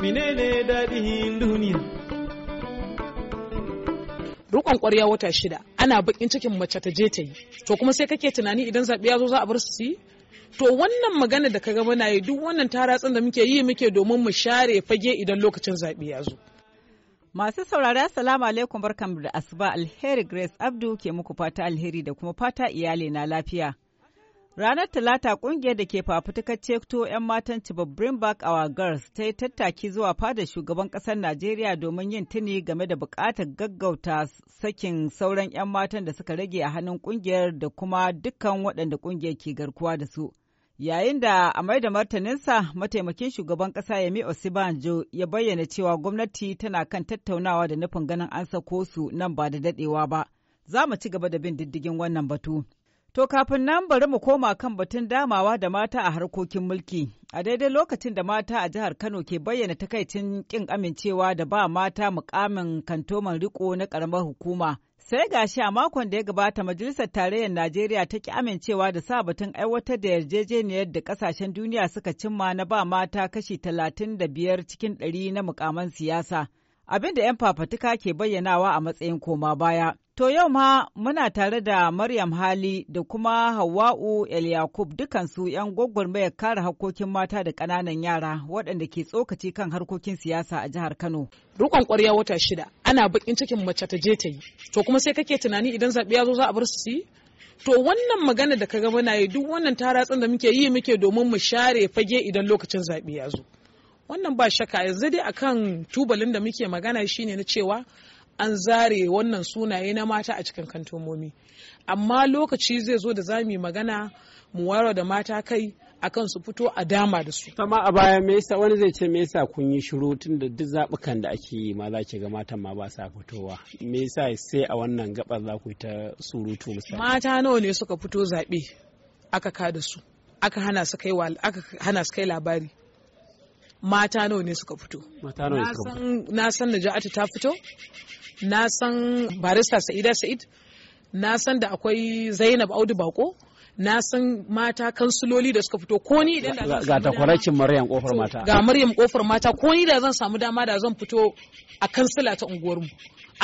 menene daɗin duniya rukon ƙwarya wata shida ana bakin cikin mace ta je ta yi to kuma sai kake tunani idan zaɓe ya zo za a bar su to wannan magana da ka kaga muna yi duk wannan taratsin da muke yi muke domin mu share fage idan lokacin zaɓe ya zo Masu saurari Assalamu alaikum barkan da asuba alheri Grace Abdu ke muku fata alheri da kuma fata iyali na lafiya. Ranar Talata ƙungiyar da ke fafutukar ceto 'yan matan Chibok Back Our Girls ta yi tattaki zuwa fadar shugaban ƙasar Najeriya domin yin tuni game da buƙatar gaggauta sakin sauran 'yan matan da suka rage a hannun ƙungiyar da kuma dukkan waɗanda ƙungiyar ke garkuwa da su. Yayin da a mai da martaninsa mataimakin shugaban ƙasa Yemi Osibanjo ya bayyana cewa gwamnati tana kan tattaunawa da nufin ganin an sako su nan ba da daɗewa ba. Za mu ci gaba da bin diddigin wannan batu. To kafin nan bari mu koma kan batun damawa da mata a harkokin mulki. A daidai lokacin da mata a jihar Kano ke bayyana takaicin kin amincewa da ba mata mukamin kantoman riko na karamar hukuma. Sai gashi a makon da ya gabata Majalisar Tarayyar Najeriya ta ki amincewa da sa batun aiwatar da yarjejeniyar da ƙasashen duniya suka cimma na ba mata kashi talatin da biyar cikin ɗari na mukaman siyasa. abin da 'yan fafatuka ke bayyanawa a matsayin koma baya. To yau ma muna tare da Maryam Hali da kuma Hawwa'u El Yakub dukansu 'yan gwagwarmayar kare harkokin mata da ƙananan yara waɗanda ke tsokaci kan harkokin siyasa a jihar Kano. Rukon ƙwarya wata shida ana bakin cikin mace ta je ta yi. To kuma sai kake tunani idan zaɓe ya zo za a bar su yi? To wannan magana da ka ga muna yi duk wannan taratsin da muke yi muke domin mu share fage idan lokacin zaɓe ya zo. wannan ba shaka yanzu dai akan tubalin da muke magana shine na cewa an zare wannan sunaye na mata a cikin kantomomi amma lokaci zai zo da zamu magana mu wara da mata kai akan su fito a dama da su. Tama a baya me wani zai ce me yasa kun yi shiru tun da duk zaɓukan da ake yi ma za ki ga matan ma ba sa fitowa. Me yasa sai a wannan gabar za ku yi ta surutu musamman Mata nawa ne suka fito zaɓe aka ka su. su aka hana su kai labari. mata nawa ne suka fito na san naja'atu ta fito na san barista sa'ida sa'id na san da akwai zainab audu bako na san mata kansuloli da suka fito ko ni idan da ga takwarancin maryam kofar mata ga maryam kofar mata ko ni da zan samu dama da zan fito a kansila ta unguwarmu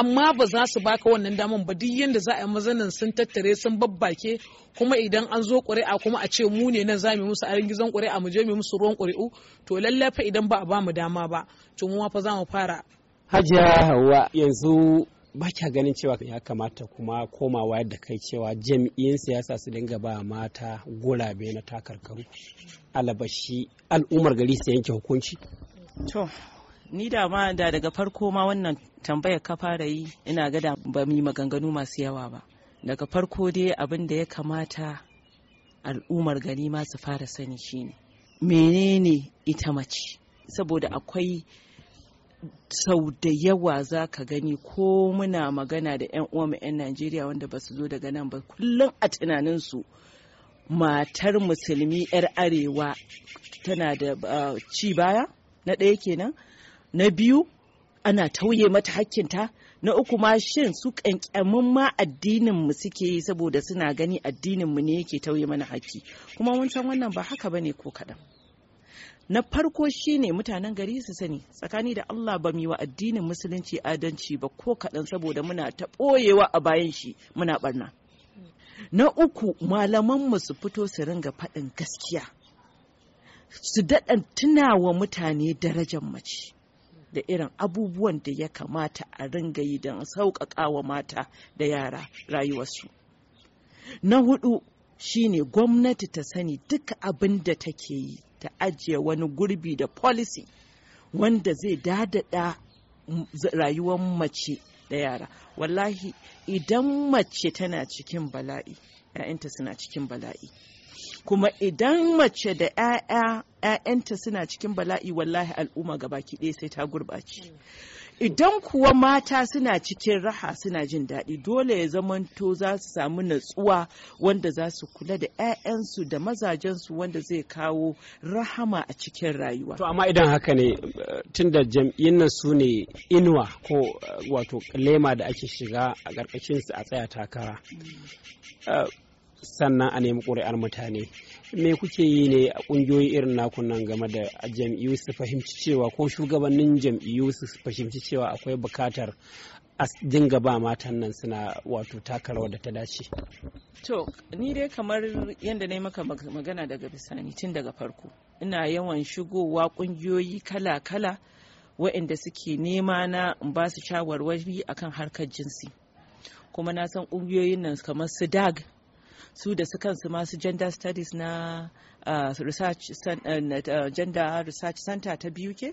amma ba za su baka wannan daman ba duk yanda za a yi mazanin sun tattare sun babbake kuma idan an zo ƙuri'a kuma a ce mu ne nan za mu musu arin gizon ƙuri'a mu je mu musu ruwan ƙuri'u to lallai fa idan ba a ba mu dama ba to mu ma fa za mu fara Hajiya Hauwa yanzu ba kya ganin cewa ya kamata kuma komawa yadda kai cewa jam'iyyun siyasa su dinga ba mata gurabe na takarkaru alabashi al'ummar gari su yanke hukunci to ni da ma da daga farko ma wannan tambayar ka fara yi ina gada da ba mu maganganu masu yawa ba daga farko dai abin da ya kamata al'ummar gari ma su fara sani shine menene ita mace saboda akwai sau da yawa za ka gani ko muna magana da 'yan uwanmu 'yan najeriya wanda ba su zo daga nan ba kullum a tunaninsu matar musulmi 'yar arewa tana da ah, ci baya na ɗaya kenan na biyu ana tauye mata hakkinta na uku ma shin su kankamin ma addinin mu suke yi saboda suna gani addinin mu ne yake tauye mana hakki kuma mun san wannan ba haka bane ko kaɗan. na farko shine mutanen gari su sani tsakani da Allah ba mu yi wa addinin musulunci adalci ba ko kaɗan saboda muna ta ɓoyewa a bayan shi muna barna na uku malaman mu su fito su ringa faɗin gaskiya su daɗan tunawa mutane darajar mace da irin abubuwan da ya kamata a ringa yi don sauƙaƙa wa mata da yara rayuwarsu na hudu shine gwamnati ta sani duka abin da take yi ta ajiye wani gurbi da policy wanda zai dadada rayuwar mace da yara wallahi idan mace tana cikin bala'i 'ya'yanta suna cikin bala'i kuma idan mace da 'ya'yanta suna cikin bala'i wallahi al'umma gabaki ɗaya sai ta gurɓace idan kuwa mata suna cikin raha suna jin daɗi dole ya zamanto za su samu natsuwa wanda za su kula da 'ya'yansu da mazajensu wanda zai kawo rahama a cikin rayuwa to amma idan haka ne tun da jam'iyyun nan su ne inuwa ko eh, wato lema da ake shiga a ƙarƙashinsu a tsaya takara eh, sannan a nemi ƙuri'ar mutane me kuke yi ne a kungiyoyi irin naku nan game da jam'iyyu su fahimci cewa ko shugabannin jam'iyyu su fahimci cewa akwai bukatar a dinga ba matan nan suna wato takara da ta dace to ni dai kamar yadda na yi maka magana daga bisani tun daga farko ina yawan shigowa kungiyoyi kala-kala waɗanda suke nema na ba su shawarwari akan harkar jinsi kuma na san ƙungiyoyin nan kamar su dag su da su kansu masu gender studies na uh, research uh, uh, gender research center ta biyu ke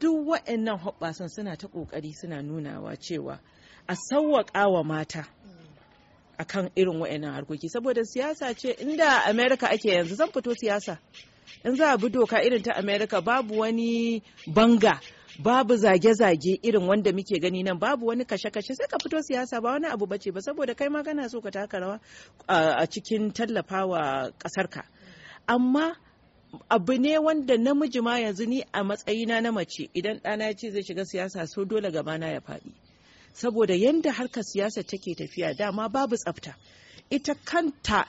duk wa'annan hoɓɓasan suna ta ƙoƙari suna nunawa cewa a sauwaƙa wa mata a kan irin wa'annan harkoki saboda siyasa ce inda america ake yanzu zan fito siyasa in za a bi doka irin ta Amerika babu wani banga babu zage-zage irin wanda muke gani nan babu wani kashe-kashe sai ka fito siyasa ba wani abu bace ba saboda kai ma kana so ka taka rawa a cikin tallafawa kasar ka amma abu ne wanda namiji ma yanzu ni a matsayina na mace idan ɗana ya ce zai shiga siyasa so dole gabana ya faɗi saboda yanda harkar siyasa take tafiya dama babu tsafta ita kanta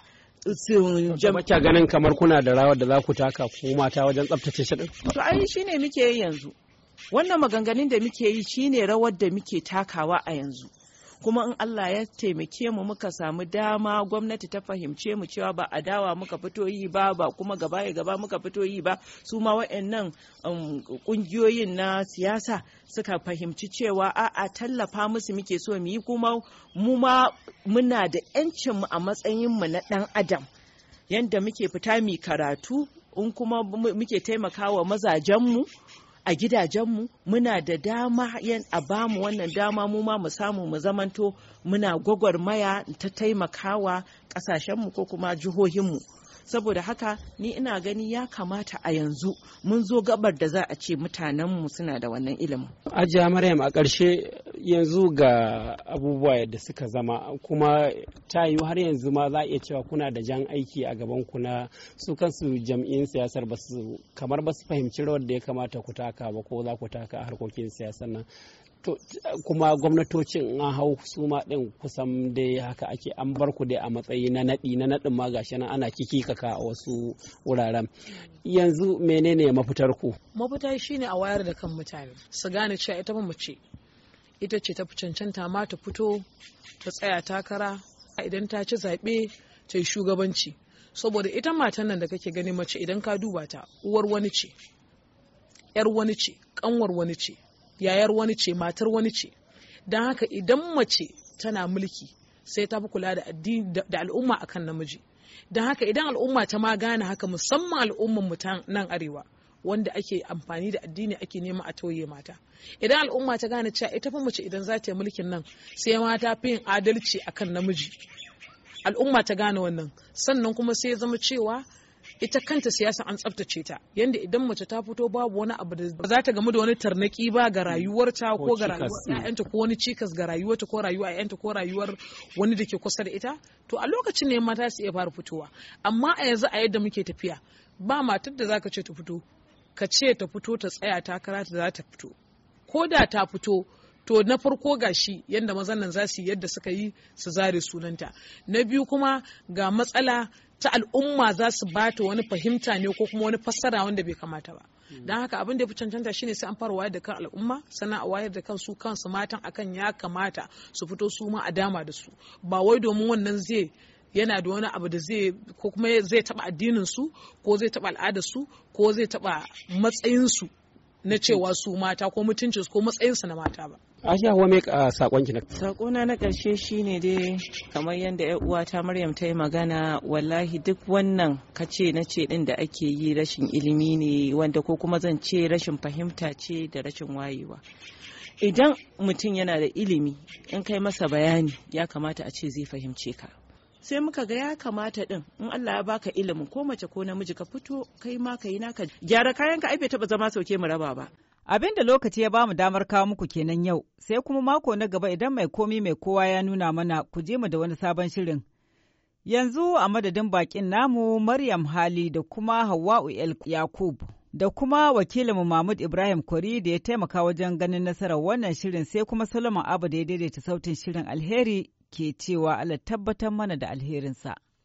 um, ganin kamar kuna da rawar da za ku taka ko mata wajen tsaftace shi to ai shine muke yanzu wannan maganganun da muke yi shine rawar da muke takawa a yanzu kuma in Allah ya taimake mu muka samu dama gwamnati ta fahimce mu cewa ba a dawa muka fito yi ba ba kuma gaba ya gaba muka fito yi ba su ma wa'annan kungiyoyin um, na siyasa suka fahimci cewa a a tallafa musu muke so mu yi kuma mu ma muna da 'yancin mu a matsayin mu na dan adam yanda muke fita mu karatu in kuma muke taimakawa mazajen mu a gidajenmu muna da dama a bamu wannan dama mu ma mu samu mu zamanto muna gwagwarmaya ta taimakawa ƙasashenmu ko kuma jihohinmu saboda haka ni ina gani ya kamata a yanzu mun zo gabar da za a ce mutanenmu suna da wannan ilimin ajiya maryam a ƙarshe yanzu ga abubuwa yadda suka zama kuma ta yiwu har yanzu ma za a iya cewa kuna da jan aiki a gaban ku na su kansu jam'in siyasar ba su kamar ba su fahimci rawar da ya kamata ku taka ba ko za ku taka a harkokin siyasar nan kuma gwamnatocin an hau su ma ɗin kusan dai haka ake an bar ku dai a matsayi na naɗi na naɗin ma gashi nan ana kiki kaka a wasu wuraren yanzu menene mafitar ku mafitar shine a wayar da kan mutane su gane cewa ita ba mace ita ce ta cancanta ma ta fito ta tsaya takara idan ta ci zaɓe ta yi shugabanci saboda ita matan nan da kake gani mace idan ka duba ta uwar wani ce 'yar wani ce ƙanwar wani ce yayar wani ce matar wani ce don haka idan mace tana mulki sai ta fi kula da da al'umma akan namiji don haka idan al'umma ta ma gane haka musamman al'umman mu nan arewa wanda ake amfani da addini ake nema a tauye mata idan al'umma ta gane cewa ita fa mace idan za ta yi mulkin nan sai mata fi yin adalci akan namiji al'umma ta gane wannan sannan kuma sai ya zama cewa ita kanta siyasa an tsaftace ta yanda idan mace ta fito babu wani abu da ba za ta gamu da wani tarnaki ba ga rayuwarta ko ga rayuwar ko wani cikas ga rayuwarta ko rayuwa yanta ko rayuwar wani da ke kusa da ita to a lokacin ne mata su iya fara fitowa amma a yanzu a yadda muke tafiya ba matar da zaka ce ta fito ka ce ta fito ta tsaya takara ta za ta fito ko da ta fito to na farko ga shi yadda mazan nan za su yi yadda suka yi su zare sunanta na biyu kuma ga matsala ta al'umma za su bata wani fahimta ne ko kuma wani fassara wanda bai kamata ba hmm. don haka abin da ya fi cancanta shine sai an fara wayar da kan al'umma sannan a wayar da kan su kansu matan akan ya kamata su fito su ma a dama da su ba wai domin wannan zai yana da wani abu da zai ko kuma zai taba addinin su ko zai taba al'adar su ko zai taba matsayin su na hmm. cewa su mata ko mutuncin su ko matsayin su na mata ba Aisha wa a ah, sakon ki na sakona na karshe shine dai kamar yadda uwa uwata Maryam ta yi magana wallahi duk wannan kace na ce ɗin da ake yi rashin ilimi ne wanda ko kuma zan ce rashin fahimta ce da rashin wayewa idan mutum yana da ilimi in kai masa bayani ya kamata a ce zai fahimce ka sai muka ga ya kamata ɗin, in Allah ya baka ilimin ko mace ko namiji ka fito kai ma ka yi naka gyara kayan ka ai bai taɓa zama sauke mu raba ba Abin da lokaci ya bamu damar kawo muku kenan yau, sai kuma mako na gaba idan mai komi mai kowa ya nuna mana ku je mu da wani sabon shirin. Yanzu a madadin bakin namu Maryam Hali da kuma Hawwa'u El Yakub da kuma wakilinmu Mahmud Ibrahim Kwari da ya taimaka wajen ganin nasarar wannan shirin sai kuma Solomon Abu da ya daidaita sautin shirin alheri ke cewa Allah tabbatar mana da alherinsa.